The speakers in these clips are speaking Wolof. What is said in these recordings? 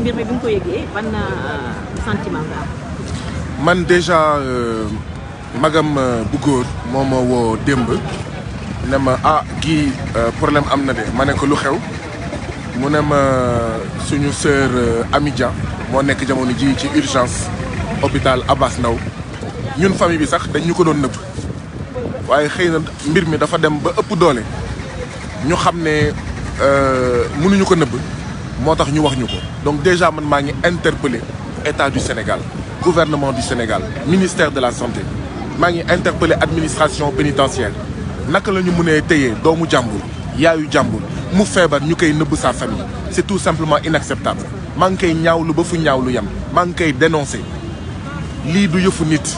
Euh, man déjà euh, magam euh, bu góor moo woo démb ne ma ah kii problème am na de ma ne ko lu xew mu ne ma suñu sœur Amidia moo nekk jamono ji ci urgence hôpital Abass Ndao ñun famille bi sax dañ ko doon nëbb waaye xëy na mbir mi dafa dem ba ëpp doole ñu xam ne mënuñu ko nëbb moo tax ñu wax ñu ko donc déjà man maa ngi interpellé état du Sénégal gouvernement du Sénégal ministère de la santé maa ngi interpellé administration pénitentiaire naka la ñu mënee téye doomu jàmbur yaayu jàmbur mu feebar ñu koy nëbb sa famille c'est tout simplement inacceptable maa ngi koy ñaaw lu ba fu ñaaw lu yam maa ngi koy dénoncé lii du yëfu nit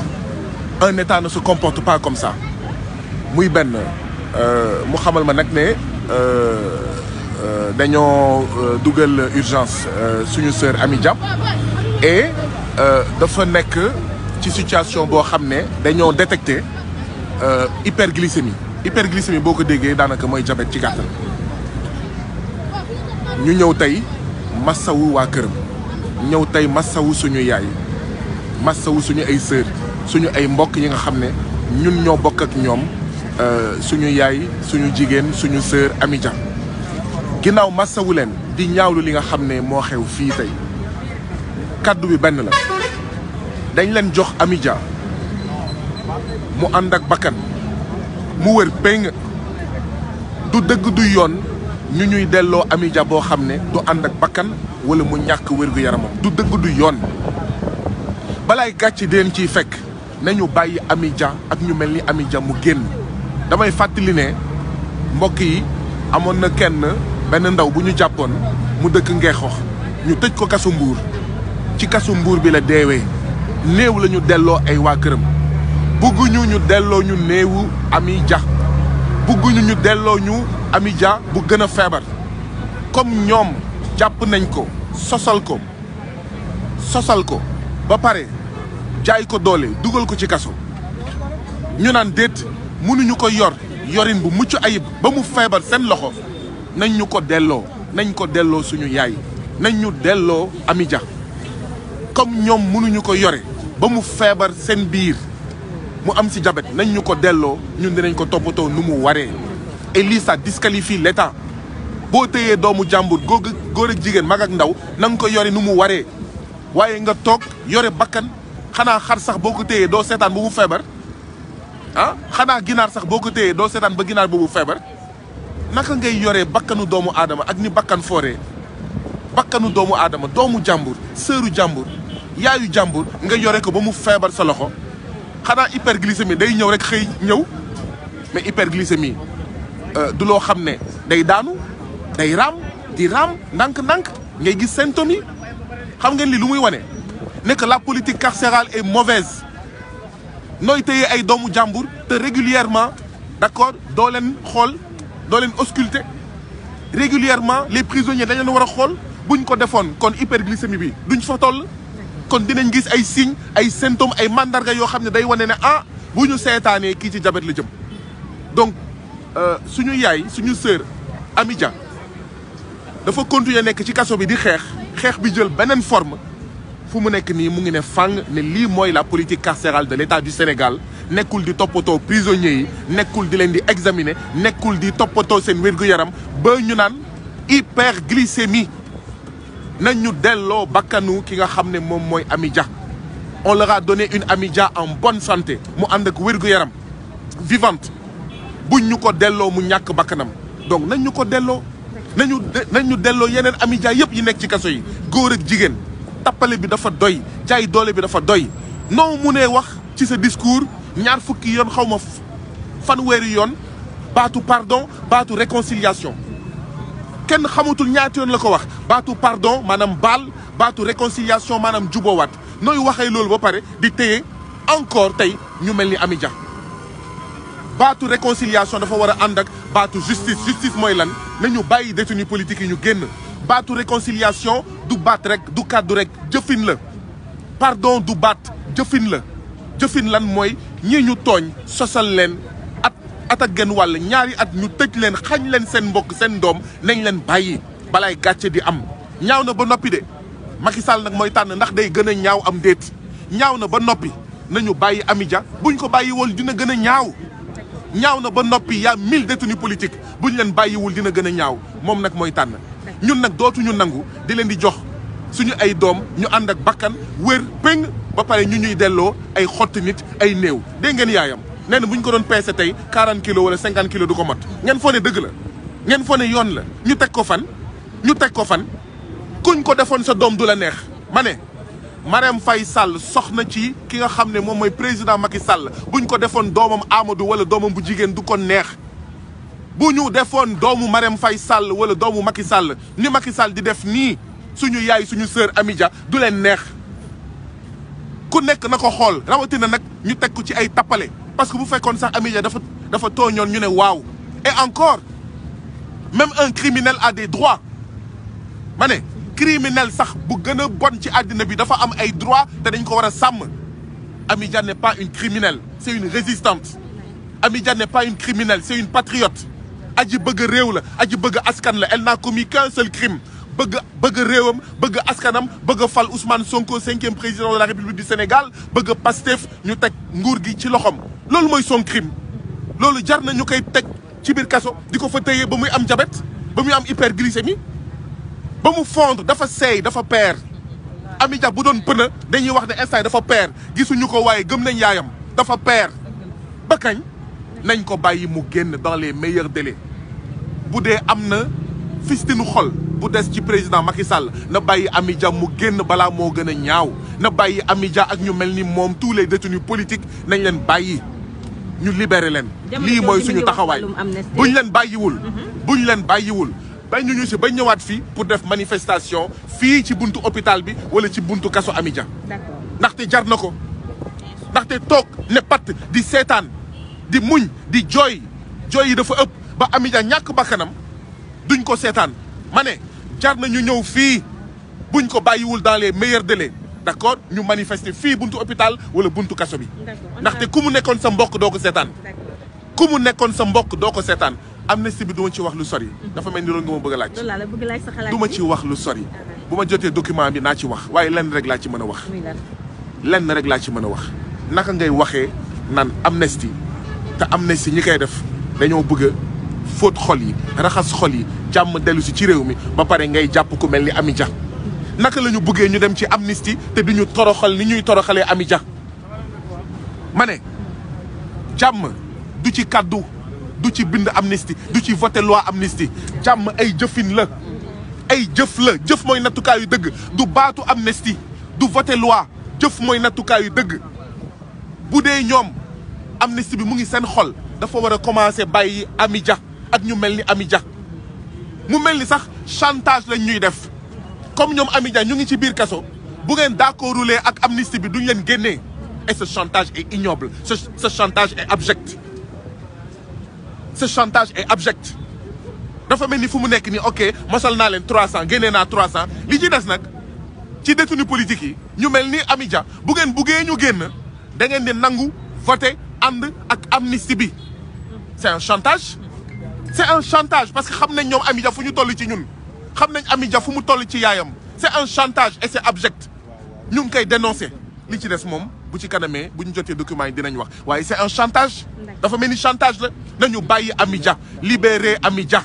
un état ne se comporte pas comme ça muy benn euh, mu xamal ma nag ne euh, Euh, dañoo euh, dugal urgence euh, suñu sœur Ami Diab et dafa nekk ci situation boo xam ne dañoo détecté hyperglycémie hyperglycémie boo ko déggee daanaka mooy diabète ci gàttal ñu ñëw tey massawu waa këram ñëw tey massawu suñu yaay massawu suñu ay sœur suñu ay mbokk yi nga xam ne ñun ñoo bokk ak ñoom suñu yaay suñu jigéen suñu sœur Ami ginnaaw massawu leen di ñaawlu li nga xam ne moo xew fii tey kàddu bi benn la dañ leen jox amidia mu ànd ak bakkan mu wër péng du dëgg du yoon ñu ñuy delloo amidia boo xam ne du ànd ak bakkan wala mu ñàkk wér-gu-yaramam du dëgg du yoon balaay gàcce deen ciy fekk nañu bàyyi amidia ak ñu mel ni amidia mu génn damay fàttali ne mbokk yi amoon na kenn benn ndaw bu ñu jàppoon mu dëkk ngeexox ñu tëj ko kasu mbuur ci kasu mbuur bi la deewee néew lañu delloo ay waa këram bugguñu ñu delloo ñu néewu Ami ja bugguñu ñu delloo ñu Ami Dia bu gën a feebar comme ñoom jàpp nañ ko sosal ko sosal ko ba pare jaay ko doole dugal ko ci kaso ñu naan déet mënuñu ko yor yorin bu mucc ayib ba mu feebar seen loxo nañ ñu ko delloo nañ ko delloo suñu yaay nañ ñu delloo Amy Dia comme ñoom mënuñu ko yore ba mu feebar seen biir mu am si jabet nañ ñu ko delloo ñun dinañ ko toppatoo nu mu waree et lii ça disqualifie l'État boo tëyee doomu jàmbur góog góor ak jigéen mag ak ndaw na nga ko yore nu mu waree waaye nga toog yore bakkan xanaa xar sax boo ko téyee doo seetaan ba mu feebar ah xanaa ginaar sax boo ko téyee doo seetaan ba ginaar boobu feebar naka ngay yoree bakkanu doomu aadama ak ni bakkan fooree bakkanu doomu aadama doomu jàmbur sëru jàmbur yaayu jàmbur nga yore ko ba mu feebar sa loxo xanaa hyperglycémie day ñëw rek xëy ñëw mais hyperglycémie euh, du loo xam ne day daanu day raam di raam ndànk-ndànk ngay gis symptômes yi xam ngeen li lu muy wane ne que la politique carcérale est mauvaise nooy téye ay doomu jàmbur te régulièrement d'accord doo leen xool doo leen ausculté régulièrement les prisonniers dañ leen war a xool buñ ko defoon kon hyperglycémie bi duñ fa toll. kon dinañ gis ay signes ay symptômes ay màndarga yoo xam ne day wane ne ah bu ñu seetaanee kii ci jabet la jëm donc euh, suñu yaay suñu sœur ami Dia dafa continuer nekk ci kaso bi di xeex xeex bi jël beneen forme fu mu nekk nii mu ngi ne fànn ne lii mooy la politique carcérale de l'État du Sénégal nekkul di toppatoo prisonniers yi nekkul di leen di examiner nekkul di toppatoo seen wér yaram ba ñu naan hyperglycémie nañ ñu delloo bakkanu ki nga xam ne moom mooy Amidia on leur a donné une Amidia en bonne santé mu ànd ak wér yaram vivant buñ ñu ko delloo mu ñàkk bakkanam donc nañ ñu ko delloo nañu nañ ñu delloo yeneen Amidia yëpp yi nekk ci kaso yi góor ak jigéen tappale bi dafa doy jaay doole bi dafa doy noo mu ne wax ci sa discours ñaar fukki yoon xaw ma fanweeri yoon baatu pardon baatu réconciliation kenn xamatul ñaat yoon la ko wax baatu pardon maanaam baal baatu réconciliation maanaam jubowaat nooy waxee loolu ba pare di téye encore tey ñu mel ni Amy Dia baatu réconciliation dafa war a ànd ak baatu justice justice mooy lan nañu bàyyi détenu politique yi ñu génn baatu réconciliation du baat rek du kàddu rek jëfin la pardon du baat jëfin la jëfin lan mooy ñi ñu tooñ sosal leen at at ak gën wàll ñaari at ñu tëj leen xañ leen seen mbokk seen doom nañ leen bàyyi balaay gàcce di am ñaaw na ba noppi de Macky Sall nag mooy tànn ndax day gën a ñaaw am déet ñaaw na ba noppi nañu bàyyi ami Amidia buñ ko bàyyiwul dina gën a ñaaw ñaaw na ba noppi yaa mille détenus bu buñ leen bàyyiwul dina gën a ñaaw moom nag mooy tànn ñun nag dootuñu nangu di leen di jox suñu ay doom ñu ànd ak bakkan wér péng ba pare ñu ñuy delloo ay xotti nit ay néew dégg ngeen yaayam nee na bu ñu ko doon peese tey 40 kilos wala 50 kilos du ko mot ngeen foo ne dëgg la ngeen foo ne yoon la ñu teg ko fan ñu teg ko fan kuñ ko defoon sa doom du la neex ma ne Marème Faye Sall soxna ci ki nga xam ne moom mooy président Macky Sall buñ ko defoon doomam Amadou wala doomam bu jigéen du ko neex bu ñu defoon doomu Marème fay sàll wala doomu Macky Sall ni Macky Sall di def nii suñu yaay suñu sœur amija du leen neex ku nekk na ko xool rawatina nag ñu teg ko ci ay tappale parce que bu fekkoon sax Amidia dafa dafa tooñoon ñu ne waaw et encore même un criminel a droit ma ne criminel sax bu gën a bon ci àddina bi dafa am ay droits te dañ ko war a sàmm Amidia n'est pas une criminelle c'est une résistante Amidia n'est pas une criminelle c'est une patriote aji bëgg réew la aji bëgg askan la elle n'a commis qu'un seul crime bëgg bëgg réewam bëgg askanam bëgg fal Ousmane Sonko cinquième président de la République du Sénégal bëgg Pastef ñu teg nguur gi ci loxoom loolu mooy son loolu jar na ñu koy teg ci biir kaso di ko fa tëyee ba muy am diabète ba muy am hyperglycémie ba mu fond dafa seey dafa peer Ami Dia bu doon pëna dañuy wax ne instant dafa peer gisuñu ko waaye gëm nañ yaayam dafa peer bakkañ kañ nañ ko bàyyi mu génn dans les meilleurs délais bu dee am na fistinu xol bu des ci président Macky Sall na bàyyi Amy Dia mu génn balaa moo gën a ñaaw na bàyyi Amy Dia ak ñu mel ni moom tous les détenus politiques nañ leen bàyyi ñu libéré leen. lii mooy suñu taxawaay buñ leen bàyyiwul. Mhm. buñ leen bàyyiwul. bañ ñu ñu si bañ ñëwaat fii pour def manifestation fii ci buntu hôpital bi wala ci buntu kaso Amy Dia. ndaxte jar na ko ndaxte toog ne patt di seetaan di muñ di jooy jooy yi dafa ëpp ba Amy Dia ñàkk bakkanam duñ ko seetaan ma ne. car na ñu ñëw fii buñ ko bàyyiwul dans les meilleurs délais accord ñu manifeste fii buntu hôpital wala buntu kaso bi. ndaxte ku mu nekkoon sa mbokk doo ko seetaan. ku mu nekkoon sa mbokk doo ko seetaan amnistie bi du ma ci wax lu sori. dafa mel ni loolu nga ma bëgg a laaj. bëgg laaj sa xalaat du ci wax lu sori. bu ma jotee document bi naa ci wax waaye lenn rek laa ci mën a wax. lenn rek laa ci mën a wax. naka ngay waxee naan amnistie te amnistie ñi koy def dañoo bëgg fóot xol yi raxas xol yi jàmm dellu si ci réew mi ba pare ngay jàpp ku mel ni Amy Dia naka lañu ñu bëggee ñu dem ci amnistie te du ñu toroxal ni ñuy toroxalee ami Dia ma ne jàmm du ci kàddu du ci bind amnistie du ci voté loi amnistie jàmm ay jëfin la ay jëf la jëf mooy nattukaayu dëgg du baatu amnistie du voté loi jëf mooy nattukaayu dëgg bu dee ñoom amnistie bi mu ngi seen xol dafa war a commencé bàyyi Amy Dia ak ñu mel ni Amy Dia mu mel ni sax chantage lañ ñuy def comme ñoom Amy Dia ñu ngi ci biir kaso bu ngeen d'accordulee ak amnistie bi duñ leen génnee et ce chantage est ignoble ce ce chantage est abject ce chantage est abject dafa mel ni fu mu nekk nii ok mosal naa leen 300 génnee naa 300 li ci des nag ci détenu politique yi ñu mel ni Amy Dia bu ngeen buggee ñu génn da ngeen di nangu voter ànd ak amnistie bi c'est un chantage. c'est un chantage parce que xam nañ ñoom Amidia fu ñu toll ci ñun xam nañ Amidia fu mu toll ci yaayam c'est un chantage et c'est abject ñu ngi koy dénoncer li ci des moom bu ci kanamee bu ñu jotee documents yi dinañ wax waaye c'est un chantage dafa mel ni chantage la nañu bàyyi Amidia libérer Amidia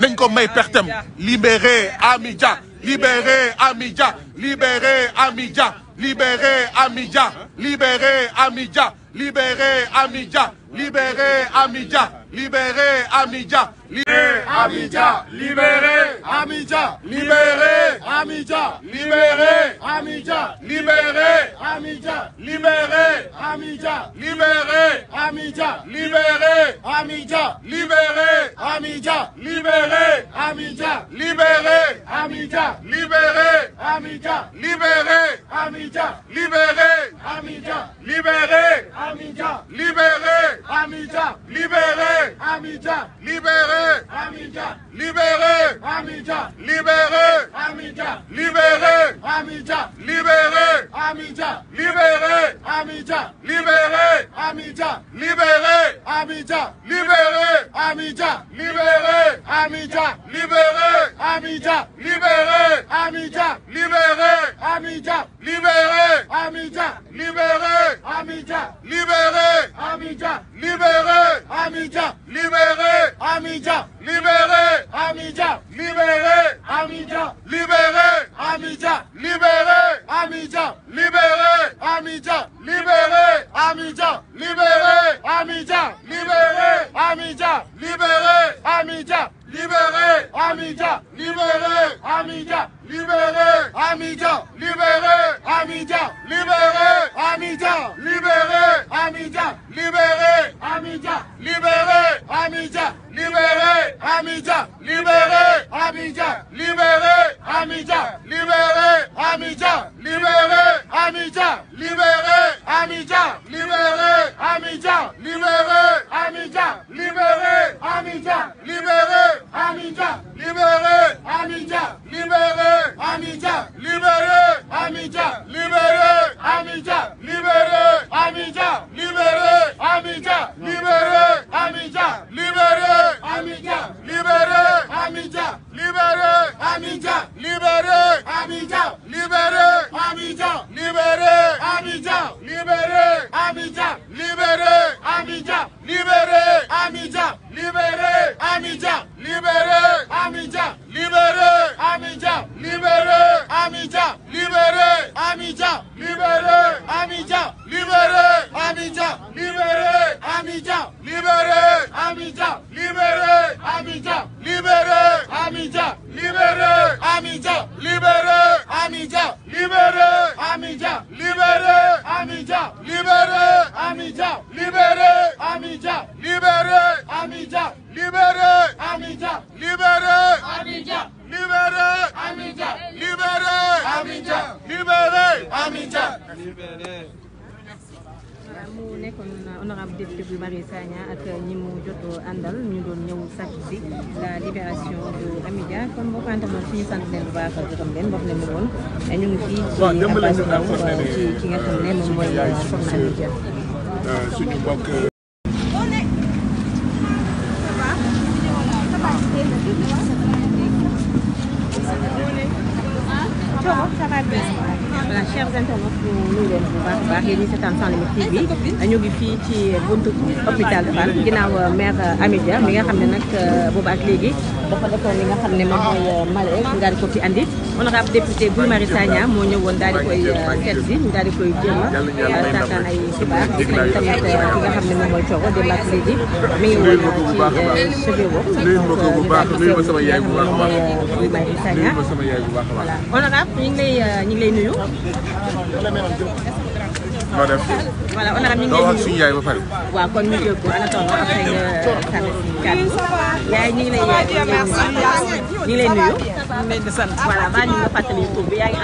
nañ ko may pertem libérer Amidia libérer Amidia libérer Amidia libérer Amidia libérer Amidia libérer Amidia Libérez Amidja Libérez Amidja Libérez Amidja Libérez Amidja Libérez Amidja Libérez Amidja Libérez Amidja Libérez Amidja Libérez Amidja Libérez Amidja Libérez Amidja Libérez Amidja Libérez Amidja Libérez Amidja Libérez Amidja Libérez Amidja Libérez Amidja Libérez Amidja libéré Amidja libéré Amidja libéré Amidja libéré Amidja libéré Amidja libéré Amidja libéré Amidja libéré Amidja libéré Amidja libéré Amidja libéré Amidja libéré Amidja libéré Amidja libéré Amidja libéré Amidja libéré Amidja libéré Amidja Libéré Amidja Libéré Amidja Libéré Amidja Libéré Amidja Libéré Amidja Libéré Amidja Libéré Amidja Libéré Amidja Libéré Amidja Libéré Amidja Libéré Amidja Libéré Amidia Libéré Amidia Libéré Amidia Libéré Amidia Libéré Amidia Libéré Amidia Libéré Amidia Libéré Amidia Libéré Amidia Libéré Amidia Libéré Amidia ñu ngi fii ci Abass Ndao ci ki nga xam ne moom mooy euh, suñu mbokk yéen ñi seetaan Sans Limites TV ñu ngi fii ci buntu hôpital Fann ginnaaw euh, mère euh, Amidia mi nga xam ne nag euh, boobu ak léegi dafa defoon nga xam ne moom mooy malaise nga ko fi andi honorable député Guy Marius moo ñëwoon daal di koy seet si daal di koy jéem a taataan ay ki nga xam ne ma mooy coogo démb ak léegi mi ngi woon ci cheveux boobu donc ñu daal di seet si nga moom mooy Guy Marius Sagna voilà honorable ñu ngi noo def. voilà on a mi ngi lay wax suñu yaay ba pare. waaw kon ñu jóg ko ana tonton après nga tànn si kàddu yaay ñu ngi lay ñu ngi lay nuyu. ñu ngi leen di fàttali tur bi yaa ngi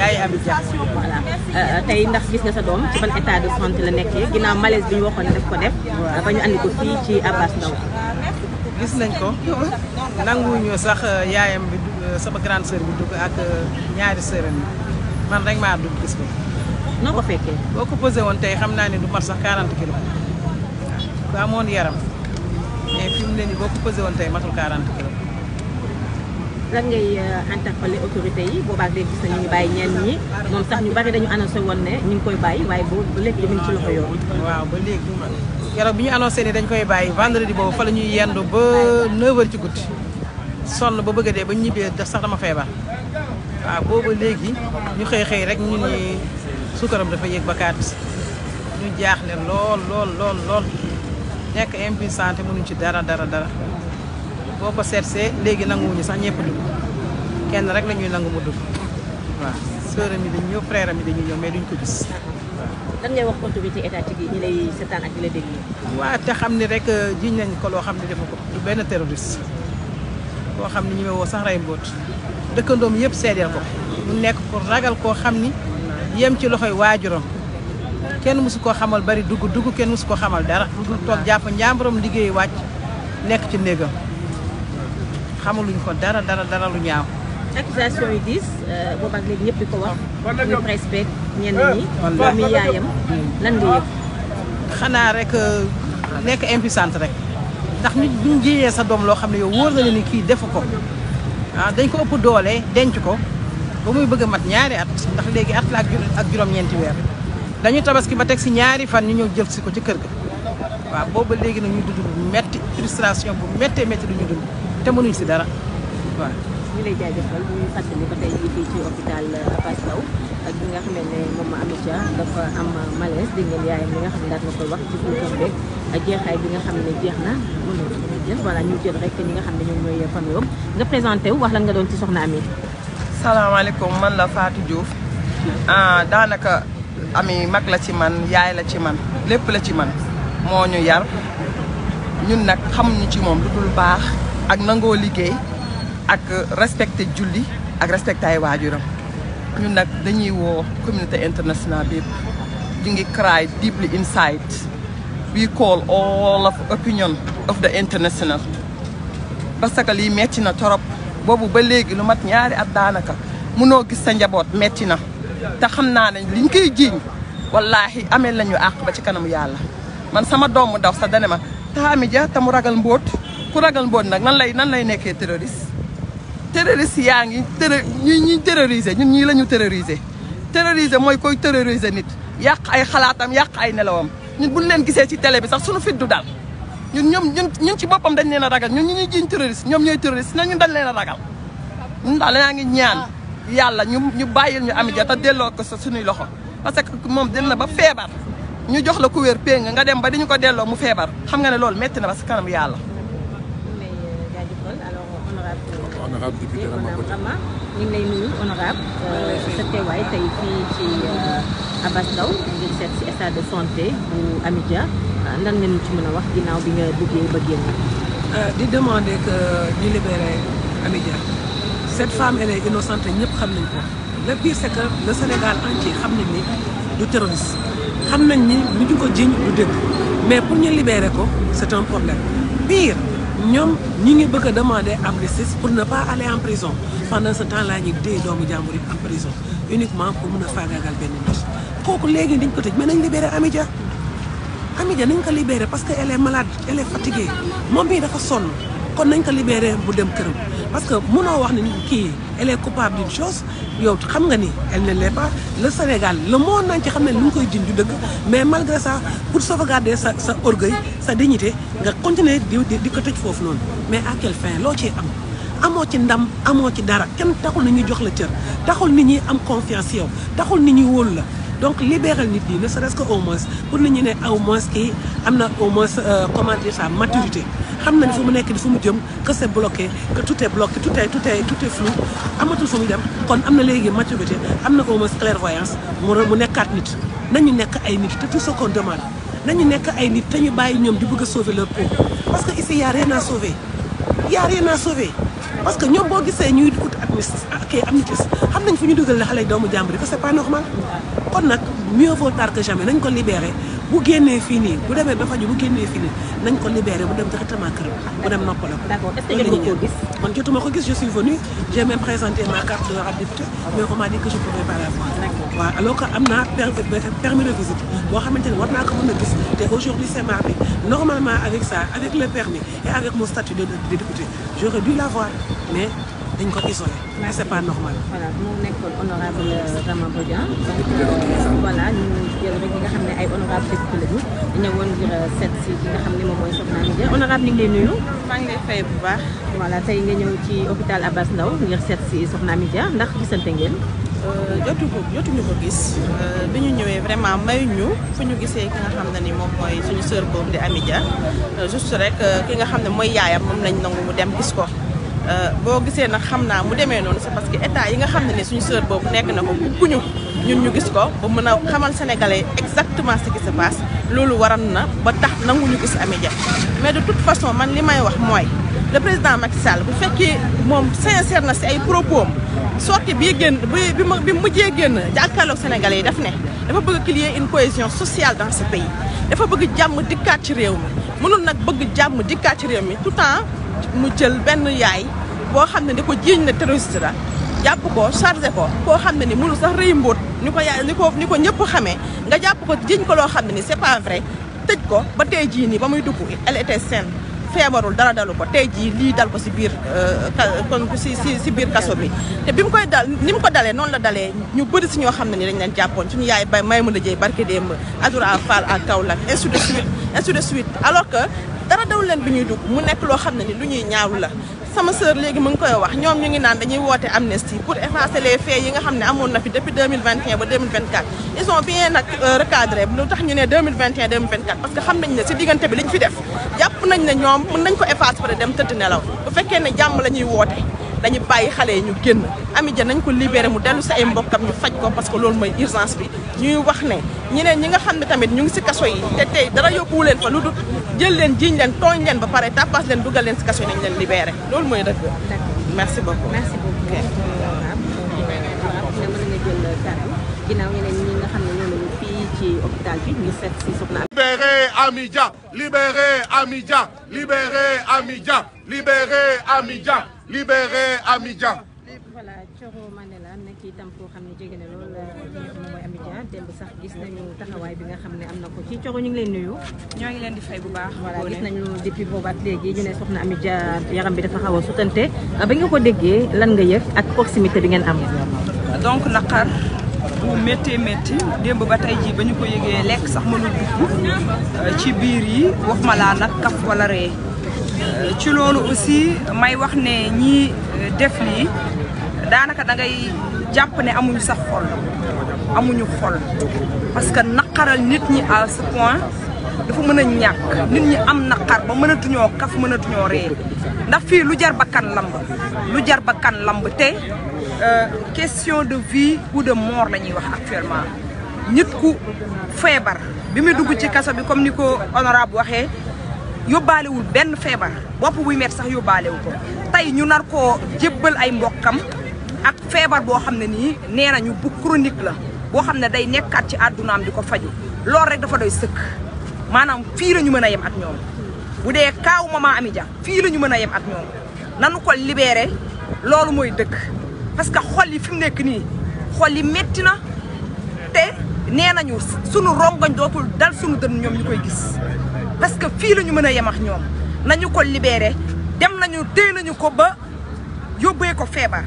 yaay Abi Diagne. Euh, tey ndax gis nga sa doom ci ban état de santé la nekkee ginnaaw malaise bi ñu waxoon ne daf ko def. ba ñu andi ko fii ci Abass Ndao. gis nañ ko nanguwuñu sax euh, yaayam bi. sama grande sœur bu dugg ak euh, ñaari sœuram yi man rek maa dugg gis ko. noo ko fekkee. boo ko pesé woon tey xam naa ne du mat sax 40 kilos waaw yaram mais fi mu ne nii boo woon tey matul 40 kilos. lan ngay euh, interpellé autorité yi boobaag léegi gis nañu ñu bàyyi ñenn ñi moom sax ñu bari dañu annoncé ne ñu ngi koy bàyyi waaye ba léegi dama bi ñu annoncé ne dañ koy bàyyi vendredi boobu fa la ñuy yendu ba 9h ci guddi. sonn ba bëgg a dee ba ñibbee da sax dama feebar waaw booba léegi ñu xëy xëy rek ñu ni suukaram dafa yéeg ba kaat ñu jaaxle lool lool lool lool nekk impuissante mënuñ ci dara dara dara boo ko seetsee léegi nangu nanguwuñu sax ñëpp dugg kenn rek la ñuy nangu mu dugg waaw sœuram yi dañu ñëw frère am yi dañuy ñëw mais duñ ko gis lan ngay wax autorité étatique yi ñu lay seetaan ak ñu lay déglu. te xam ni rek jiñ nañ ko loo xam ne defu ko du benn terroriste koo xam ne ñemewoo sax rey mbóot dëkkandoom yëpp seedeel ko mu nekk ku ragal koo xam ni yem ci loxo loxoy waajuram kenn mësu koo xamal bari dugg dugg kenn mësu koo xamal dara dul toog jàpp njàmbaram liggéey wàcc nekk ci néegam xamaluñ ko dara dara dara lu ñaaw accusation yi diis euh, ñëpp ko wax ah, muy presse beeg ñenn eh, ñi doomi yaayam lan nga xanaa rek euh, nekk impuissante rek ndax nit duñ jiyee sa doom loo xam ne yow wóor na leen kii defu ko ah dañ ko ëpp doole denc ko ba muy bëgg mat ñaari at ndax léegi at la ak juróom-ñeenti weer dañu tabaski ba teg si ñaari fan ñu ñëw jëf si ko ci kër ga waaw booba léegi nag ñu dund bu metti frustration bu méttee métti du ñu dund te mënuñ si dara waaw. ñu lay jaajëfal ñu ak Adja dafa am malaise dégg ngeen yaayam li nga ne xam ne jeex na jël ñu jël rek ñi nga xam ne ñoom ñooy famille nga présenté wu wax lan nga doon ci soxna Ami. salaamaaleykum man la faatu Diouf ah, daanaka Ami mag la ci man yaay la ci man lépp la ci man moo ñu yar ñun nag xamuñu ci moom lu dul baax ak nangoo liggéey ak respecté julli ak respecté ay waajuram. ñun nag dañuy woo communauté internationale bi ñu ngi cry deeply inside we call all of opinion of the international parce que lii metti na torop boobu ba léegi lu mat ñaari at daanaka noo gis sa njaboot metti na te xam naa ne liñ koy jiiñ wallaahi amee lañu àq ba ci kanamu yàlla man sama doomu daw sa dane ma taami ja te mu ragal mbóot ku ragal mbóot nag nan lay nan lay nekkee terroriste terroriste yaa ngi tërë ñi ñuy terroriser ñun ñii la ñu terroriser terroriser mooy koy terroriser nit yàq ay xalaatam yàq ay nelawam ñun buñ leen gisee ci télé bi sax suñu fit du ñun ñoom ñun ñun ci boppam dañ leen a ragal ñun ñu ñuy jiñ terroriste ñoom ñooy terroriste na ñun dañ leen a ragal ñun daal yaa ngi ñaan yàlla ñu ñu bàyyil ñu am jota delloo ko sa suñuy loxo parce que moom dem na ba feebar ñu jox la ku wér péng nga dem ba di ñu ko delloo mu feebar xam nga ne loolu metti na ba si kanam yàlla honorable député Rama ñu ngi lay nuyu honorable euh, sa teewaay tey fii ci euh, Abass Ndao ngir seet si état de santé bu Amidia euh, lan nga ci mën a wax ginnaaw bi nga duggee ba génn di demander que ñu libéré Amidia cette femme elle est ñëpp xam nañ ko le pire c'est que Sénégal entier xam nañ ni du terroriste xam nañ ni lu ko jiñ du dëgg mais pour ñu libérer ko c'est problème pire ñoom ñu ngi bëgg a demander amnistie pour ne pas aller en prison pendant ce temps là ñi dee doomu jàmbur yi en prison uniquement pour mun a faagaagal benn nit kooku léegi dañ ko tëj mais nañ libéré Amidia Amidia nañ ko libéré parce que elle est malade elle est moom bii dafa sonn kon nañ ko libéré bu dem këram parce que munoo wax ne kii elle est coupable d'une chose yow xam nga ni elle ne l'est pas le Sénégal le monde nañ ci xam ne lu ñu koy jin du dëgg mais malgré ça pour sauvegarder sa sa orgueil sa dignité nga continuer di di ko tëj foofu noonu mais à quelle fin loo ci am amoo ci ndam amoo ci dara kenn taxul nit ñi jox la cër taxul ni ñuy am confiance yow taxul ni ñuy wóolu la donc libéral nit ñi ne sa resque que au moins pour nit ñi ne au moins kii am na au moins euh, comment dire ça maturité xam nañ ni fu mu nekk ni fu mu jëm que c'est bloqué que tout est bloqué tout est tout est tout est amatul fu muy dem kon am na léegi maturité am na au moins clairvoyance mu nekkaat nit nañu nekk ay nit te tout ce qu'on demande nañu nekk ay nit te ñu bàyyi ñoom di bëgg a sauver leur parce que ici y a rien à sauver y a rien à sauver parce que ñoom boo gisee ñuy ut am ah, kii amnistie xam nañ fu ñu dugal la xale doomu jàmbur yi que c'est pas normal kon nag mieux vaut tard que jamais ko libérer bu génnee fii nii bu demee ba faju bu génnee fii nii nañ ko libéré bu dem directement këram bu dem noppaloo ko. d'accord est-ce que ngeen ko gis. man jotuma ko gis je suis venue j'ai même présenté ma carte de député mais on m'a dit que je pouvais pas la voir. waaw alors que am naa permis de visite boo xamante ni war naa ko mën a gis te aujourd'hui c'est mardi normalement avec ça avec le permis et avec mon statut de député j'aurais dû la voir mais. dañ ko isolé mais c'est pas normal. voilà mu nekkoon honorable euh, Rama Bodian donc voilà ñu nga xam ne ay honorable député lañu ñëwoon ngir euh, seet nga xam ne moom mooy Soxna Amy Dia honorable bu baax. voilà tey nga ñëw ci hôpital Abass Ndao ngir seet Soxna Amy ndax gisante ngeen. Euh, jotu ko jotuñu ko gis bi ñu ñëwee vraiment mayuñu fu ñu gisee ki nga xam ne ni moom mooy suñu sœur boobu di Amy juste rek ki nga xam ne mooy yaayam moom lañ nangu mu dem gis ko. Euh, boo gisee nag xam naa mu demee noonu sax parce que état yi nga xam ne ne suñu sœur boobu nekk na ko bugguñu ñun ñu gis ko ba mën a xamal sénégalais exactement ce qui se passe loolu waral na ba tax ñu gis Amy Dia mais de toute façon man li may wax mooy le président Macky bu fekkee moom sincère na si ay propos sorti bii génn bi bi bi mujjee génn jàkkaarloog sénégalais yi daf ne dafa bëgg créer une cohésion sociale dans ce pays dafa bëgg jàmm dikkaat ci réew mi mënul nag bëgg jàmm dikkaat ci réew mi tout temps mu jël benn yaay boo xam ne di ko jiiñ ne terroriste la jàpp ko chargé ko koo xam ne ni mënul sax rëy mbóot ñu ko yaa ni ko ni ko ñëpp xamee nga jàpp ko jiiñ ko loo xam ne ni c'est pas vrai tëj ko ba tey jii nii ba muy dugg elle était saine feebarul dara dalu ko tey jii lii dal ko si biir euh, kon si si si biir kaso bi te bi mu koy dal ni mu ko dalee noonu la dale ñu bëri si ñoo xam ne ni dañ leen jàppoon suñu yaay bay may mën a jëy barke démb Adoura Fall ak Kaolack ainsi de suite ainsi de suite alors dara daw leen bi ñuy dugg mu nekk loo xam ne ni lu ñuy ñaawlu la sama sœur léegi mu ngi koy wax ñoom ñu ngi naan dañuy woote amnistie pour effacer les faits yi nga xam ne amoon na fi depuis 2021 ba 2024 ils ont bien nag euh, recadré lu tax ñu ne 2021 2024 parce que xam nañ ne si diggante bi liñ fi def jàpp nañ ne ñoom mën nañ ko effacer pare dem tëdd nelaw bu fekkee ne jàmm la ñuy woote dañu bàyyi xale yi ñu génn Ami Dia nañ ko libéré mu dellu si ay mbokkam ñu faj ko parce que loolu mooy urgence bi ñuy wax ne ñeneen ñi nga xam ne tamit ñu ngi si kaso yi te tey dara yóbbuwu leen fa lu dul jël leen jiiñ leen tooñ leen ba pare tàppaas leen dugal leen si kaso yi nañ leen libéré loolu mooy dëgg merci beaucoup merci beaucoup libéré Ami Dia libéré Ami Dia libéré Ami Dia libéré Ami Dia libéré Amidia. voilà Thioro Mandela nekk itam koo xam ne jege na lool euh, moom mooy Amidia démb sax gis nañu taxawaay bi nga xam ne am na ko ci Thioro ñu ngi leen nuyu. ñoo ngi leen di fay bu baax. voilà gis nañu depuis boobaat léegi ñu ne soxna Amidia yaram bi dafa xaw a sutante ba nga ko déggee lan nga yëg ak proximité bi ngeen am. donc naqar bu méttee métti démb ba tey jii ba ñu ko yëgee lekk sax mënul dugg euh, ci biir yi wax ma laa nag kaf wala ree Euh, ci loolu aussi may wax ne ñi euh, def lii daanaka dangay jàpp ne amuñu sax xol amuñu xol parce que naqaral nit ñi à ce point dafa mën a ñàkk nit ñi am naqar ba mënatuñoo kaf mënatuñoo ree ndax fii lu jar bakkan lamb lu jar bakkan lamb te euh, question de vie ou de mort la ñuy wax actuellement nit ku feebar bi muy dugg ci kaso bi comme ni ko honorable waxee yóbbaalewul benn feebar bopp buy metti sax yóbbaalewu ko tey ñu nar koo jébbal ay mbokkam ak feebar boo xam ne nii nee nañu bu chronique la boo xam ne day nekkaat ci àddunaam di ko faju loolu rek dafa doy sëkk maanaam fii la ñu mën a yem ak ñoom bu dee kaaw maman Amy Dia fii la ñu mën a yem ak ñoom nanu ko libéré loolu mooy dëkk parce que xol yi fi nekk nii xol yi metti na te nee nañu sunu rongoñ dootul dal sunu dënn ñoom ñu koy gis parce que fii lañu mën a yem ak ñoom nañu ko libeere dem nañu téye nañu ko ba yóbbee ko feebar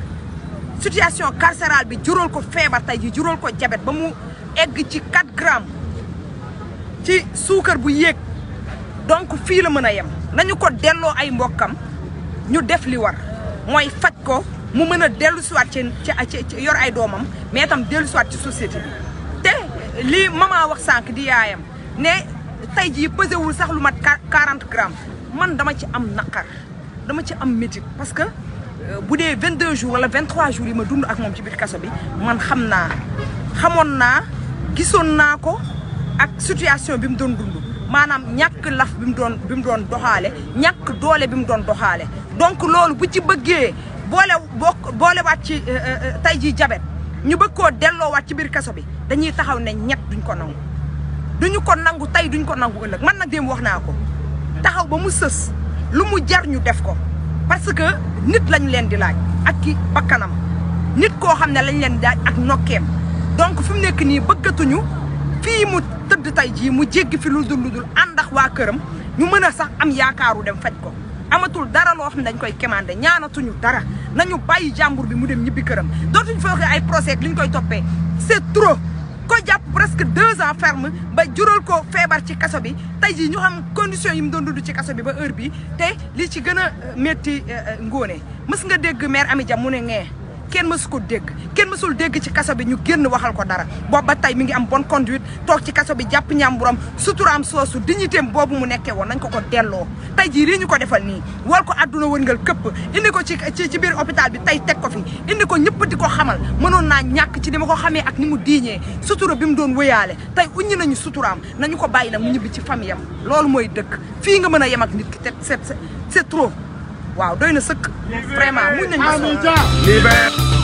situation carcérale bi jural ko feebar tey ji jural ko jabet ba mu egg ci 4 grammes ci suukar bu yéeg donc fii la mën a yem nañu ko delloo ay mbokkam ñu def li war mooy faj ko mu mën a dellu siwaat ci ci yor ay doomam mais itam dellu siwaat ci société bi te li maman wax sànq di yaayam ne tey jii pesewul sax lu mat quarante grammes man dama ci am naqar dama ci am métit parce que euh, bu dee vingt deux jours wala vingt trois jours yi ma dund ak moom ci biir kaso bi man xam naa xamoon naa gisoon naa ko ak situation bi mu doon dund maanaam ñàkk laf bi mu doon bi mu doon doxaale ñàkk doole bi mu doon doxaale donc loolu bu ci bëggee boole boo boolewaat ci euh, euh, tey jii jabet ñu bëgg koo delloowaat ci biir kaso bi dañuy taxaw ne ñett duñ ko nangu duñu ko nangu tey duñu ko nangu ëllëg man nag démb wax naa ko taxaw ba mu sës lu mu jar ñu def ko parce que nit lañ leen di laaj ak ki bakkanam nit koo xam ne lañ leen di laaj ak nokkeem donc fu mu nekk nii bëggatuñu fii mu tëdd tey jii mu jéggi fi lu dul lu dul ànd ak waa këram ñu mën a sax am yaakaaru dem faj ko amatul dara loo xam ne dañ koy commandé ñaanatuñu dara nañu bàyyi jàmbur bi mu dem ñibbi këram dootuñu foogee ay procès liñ koy toppee c'est trop ko jàpp presque deux ans ferme ba jural ko feebar ci kaso bi tey jii ñu xam condition yi mu doon du ci kaso bi ba heure bi te lii ci gën a euh, métti euh, euh, ngóone mës nga dégg maire ami Dia mu ne ngee kenn mësu ko dégg kenn mësul dégg ci kaso bi ñu génn waxal ko dara boobu ba tey mi ngi am bon conduite toog ci kaso bi jàpp ñàmburam suturaam soosu dignitéem boobu mu nekkee woon nañ ko ko delloo tey jii lii ñu ko defal nii war ko àdduna wërngal këpp indi ko ci ci biir hôpital bi tey teg ko fi indi ko ñëpp di ko xamal mënoon naa ñàkk ci ni ma ko xamee ak ni mu diiñee sutura bi mu doon wëyaale tey uññi nañu suturaam nañu ko bàyyi la mu ñibbi ci famille am loolu mooy dëkk fii nga mën a yem ak nit ki te c'est trop waaw doy na sëkk vraiment muñ nañ ba